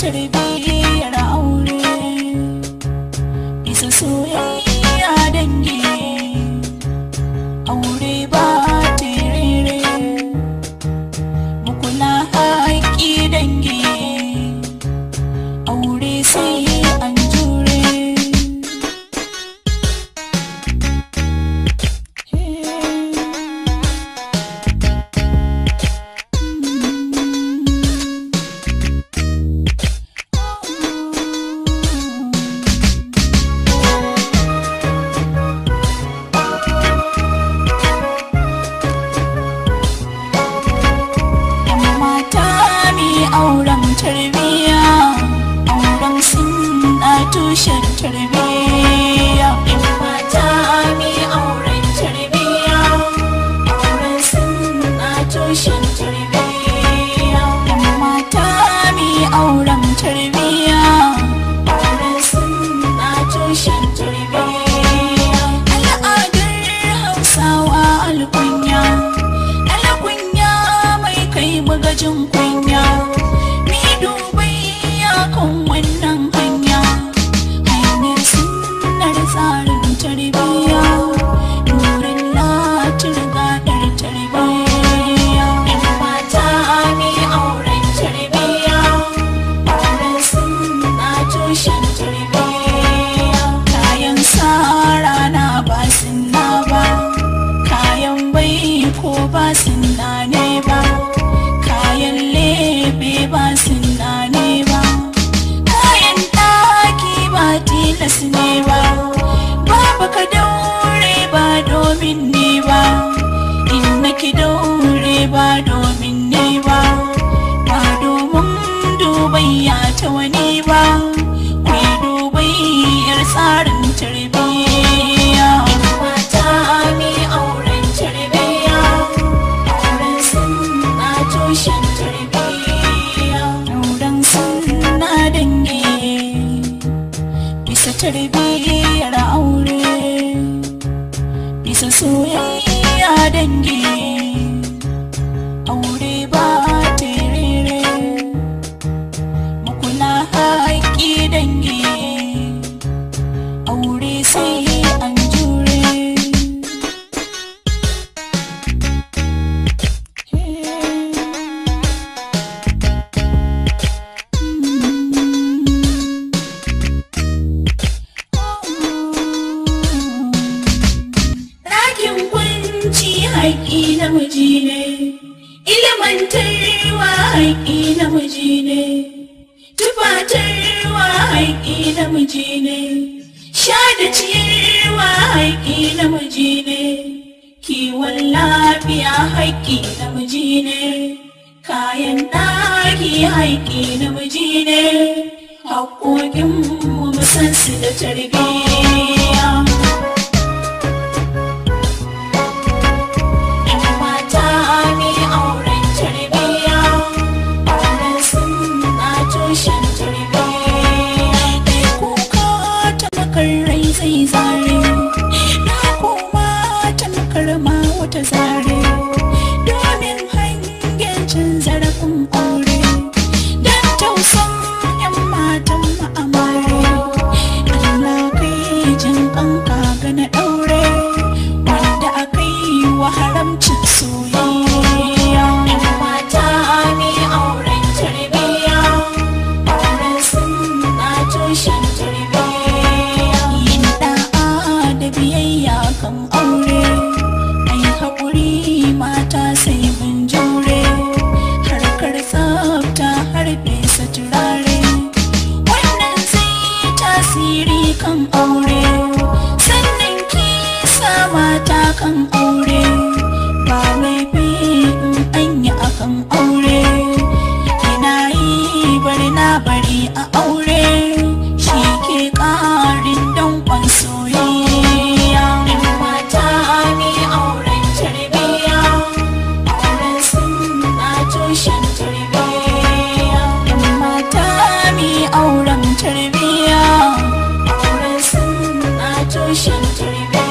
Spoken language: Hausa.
tarbiyyar tushen tarbiyya in mata mi auren tarbiyya auren sunna tushen tarbiyya mata mi auren tarbiyya auren sunna tushen tarbiyya al'adar hausawa alkunya alkunya mai kai magajin ku tarbiyya nurin na cire gadar tarbiyya yan mata mi auren tarbiyya auren sun na tushen tarbiyya kayan sa rana ba sun ba kayan bai ko ba sun ne ba ta wani ba haƙƙi namiji ne ilmantarwa haƙƙi namiji ne tufatarwa haƙƙi namiji ne sha da ciyarwa namiji ne kiwon lafiya haƙƙi namiji ne kayan ɗaki haƙƙi namiji ne haƙƙoƙin mu da tarbiyya Turn it on. Sweet.